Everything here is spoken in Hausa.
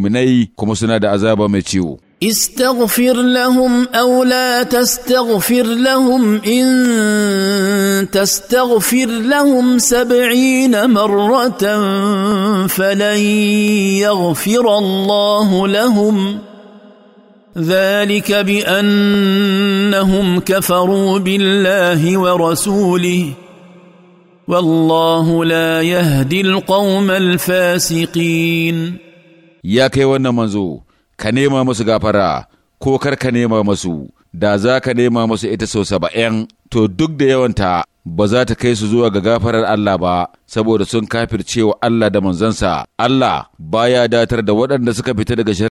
منأي كما سناد da azaba استغفر لهم او لا تستغفر لهم ان تستغفر لهم سبعين مره فلن يغفر الله لهم ذلك بانهم كفروا بالله ورسوله والله لا يهدي القوم الفاسقين ya kai wannan manzo ka nema musu gafara ko kar ka nema musu da za ka nema musu ita sau saba'in to duk da yawanta ba za ta kai su zuwa ga gafarar Allah ba saboda sun kafircewa Allah da manzansa Allah baya datar da waɗanda suka fita daga